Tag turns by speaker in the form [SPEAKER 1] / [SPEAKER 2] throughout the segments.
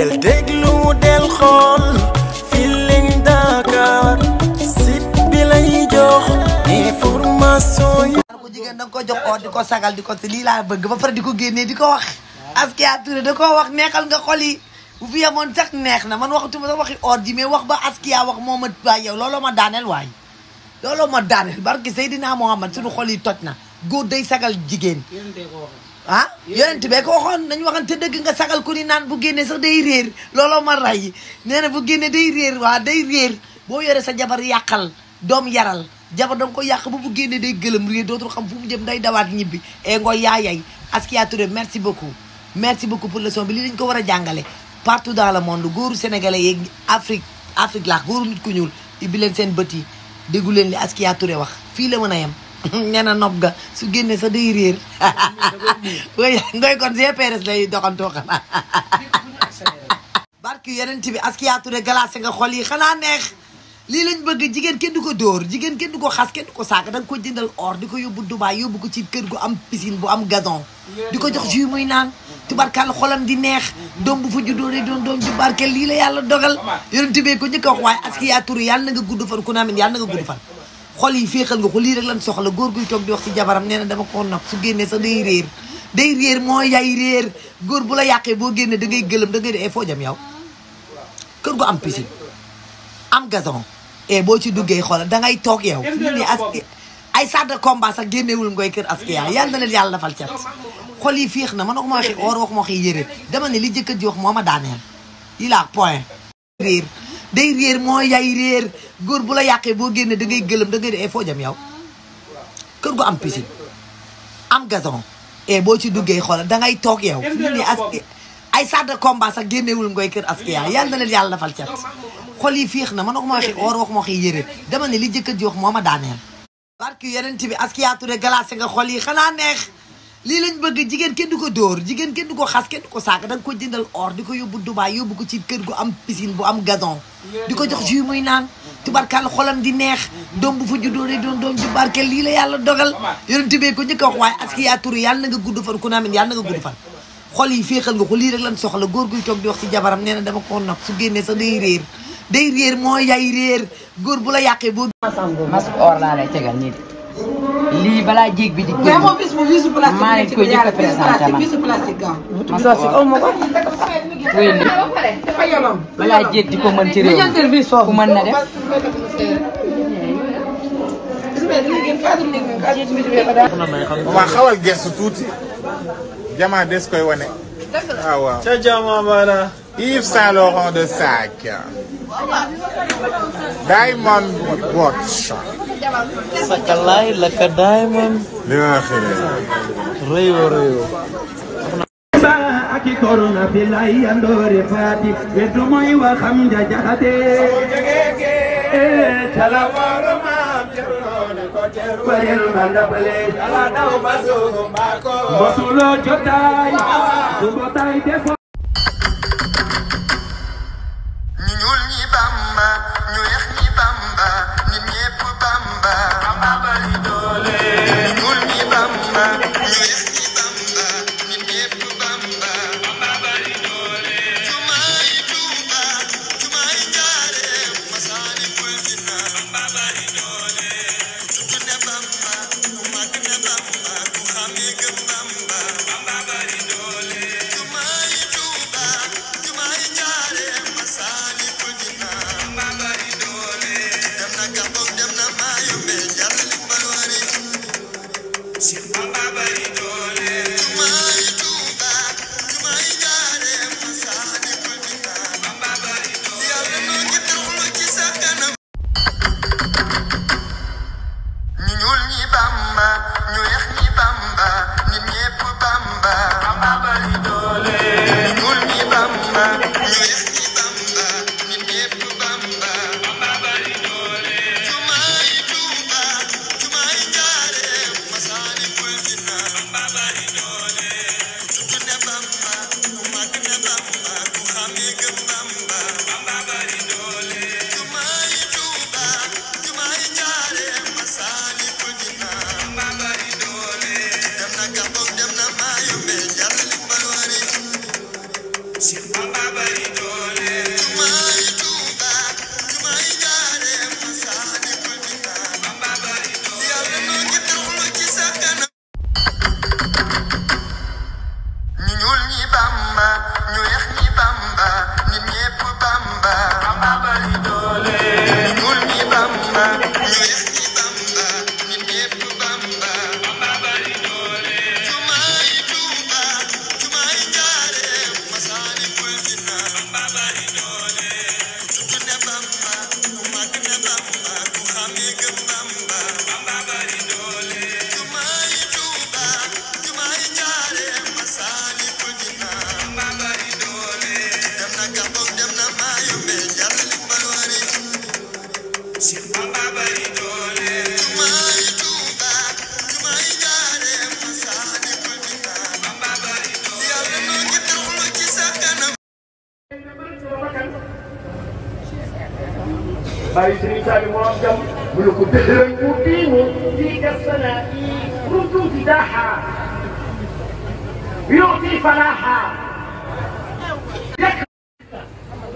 [SPEAKER 1] del déglu del xool Feeling Dakar site bi lay jox information yi jigéen danga jox oo oh, di ko sagal di ko si lii laa bëgg ba pare di ko génnee di ko wax Askia Touré da ko wax nekkal nga xoli yi bu fi sax neex na man waxatuma sax waxi or ji mais wax ba Askia wax moo ma waay yow looloo ma daaneel waay looloo ma daaneel barki Seydina Mohamad suñu xol yi toj na góor day sagal jigéen ah yonent bee ko waxoon nañ waxante dëgg nga sagal ko ni naan bu génnee sa day réer looloo ma ray nee na bu génnee day réer waa day réer boo yore sa jabar yàqal doom yaral jabar danga ko yàq ba bu génnee day gëlëm réer dootul xam fu mu jëm day dawaat ñibbi e eh, ngoo yaayay Askia merci beaucoup merci beaucoup pour leçon bi lii dañ ko war a jàngale partout dans le monde góoru sénégalais yeeg Afrique Afrique laax góoru nit ku ñuul ibbi seen bët yi déggu leen li Askia Touré wax fii la mën a yem nee na nopp ga su génnee sa day réer way ngoy kon GPRS lay doxantoo xanaa barki yeneen bi aski yaature glacé nga xol yi xanaa neex lii lañ bëgg jigéen kenn du ko dóor jigéen kenn du ko xas kenn du ko saaka danga ko jëndal or di ko yóbbu Dubaay yóbbu ko ci kër gu am piscine bu am gazon di ko jox jus muy naan tubarkàlla xolam di neex doom bu fa juddoo de doon doom ju barkeel lii la yàlla dogal yonent bi ko njëkk a wax waaye aski yaature yàlla nga gudd fan ku ne amin yàlla na nga gudd fan xol yi féexal nga ko lii rek lan soxla góor guy toog di wax ci jabaram nee na dama ko nopp su génnee sax day réer day réer moo yay réer góor bu la yàqee boo génnee da ngay gëlëm da ngay eh, foo jëm yow kër gu am piscine am gazon e boo ci duggee xoolal da ngay toog yow ñu ne as ay sadda combat kër askiya yàlla leen yàlla dafal cat xol yi féex na man waxuma waxi or waxuma waxi yére dama li jëkkër ji moo ma daaneel yi laa réer góor bu la yàqee boo génnee dangay ngay gëlëm da ngay dee eh, foo jëm yow kër gu am piscine am gazon e boo ci duggee xoolal da ngay toog yow ni as ay sadde combat sax génneewul ngoy kër askiya yàlla na leen yàlla fal cat xol yi fiix na man waxuma waxi or waxuma waxi yére dama ne li jëkkër ji wax moo a daaneel barki yeneen bi askiya Touré galaase nga xol yi xanaa neex lii lañ bëgg jigéen kenn du ko dóor jigéen kenn du ko xas kenn du ko saaka da nga ko jëndal or di ko yóbbu Dubaay yóbbu ko ci kër gu am piscine bu am gazon di ko jox jus muy naan tubarkaal xolam di neex doom bu fa juddoo de doon doom ju barkeel lii la yàlla dogal yonent bee ko njëkk a wax waaye na nga gudd fan ku naa min na nga gudd fan xol yi féexal nga ko lii rek lan soxla góor guy toog di wax ci jabaram nee na dama ko nopp su génnee sax day réer day réer mooy yay réer góor bu la yàqee boo masque or laa lay tegal nii de lii balaa jéeg bi di génn. mais moom bis bu visu plastique maa leen koy njëkk a ma ci réew mi ku mën na def. waaw xawal gestu tuuti. jamaa des koy wane. ah waaw. de Sac. diamond boat shop. Sakalaay la ka diamond. li nga xamee ne. réyoo réyoo. aki korona fi lay andoore faati weddu mooy wa xam ja jaxate ee cala waro maam jeroone ko jeru warel ma ndapale cala daw basu mbako mbosulo jotaay subotaay defo Bonheur. الشيخ Serigne Saliou moo am jàmm mu ko dëgëral mu diinu fii gassanaa yi kuntu fidaaha yuuti falaaha lekk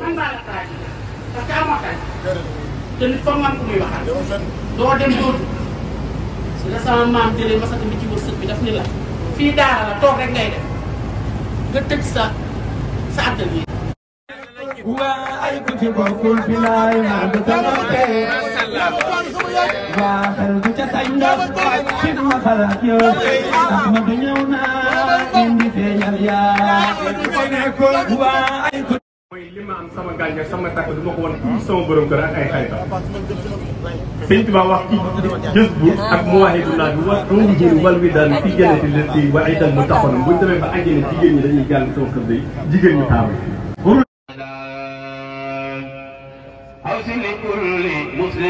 [SPEAKER 1] man maa la taaj parce que amoo taaj te nit foog man ku muy waxal doo dem dootu la sama maam jëlee masaka bi ci wërsëg bi daf ni la fii daara la toog rek ngay def nga tëj sa sa atelier waa ay ku ci bokkul bilaay naan du talote waa xel du ca sañ ndox ci ma xalaat yoo tax ma du ñëw naa indi feeñal yaa waa ay ku mooy li ma am sama gàncax sama takk du ma ko wan fii sama borom kër ak ay xayta sëñ Tuba wax ci jës bu ak mu waxee du naat wax doomu jën wal wi daan fi jëlee di leen di waaye itam mu taxoon buñ demee ba àjjana jigéen ñi dañuy jàng sama kër day jigéen ñi taamu.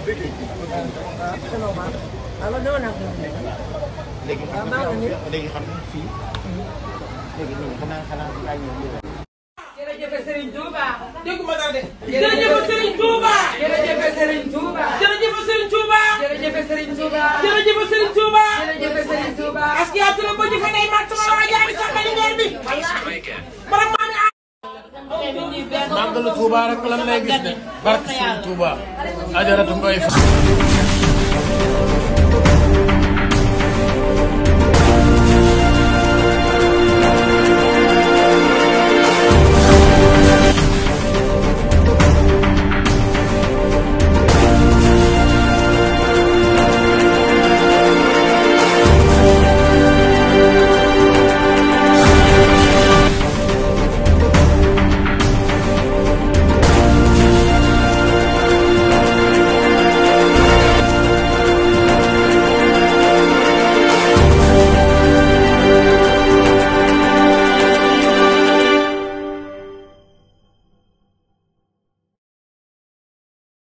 [SPEAKER 1] léegi xam nga léegi xam nga fii léegi ñun xanaa xanaa ay ñoom jërëjëf Serigne Touba. déggu ma daal màggalu Touba rek lan lay gis ne barke Sëriñ Touba ajaratu Mbaye Fall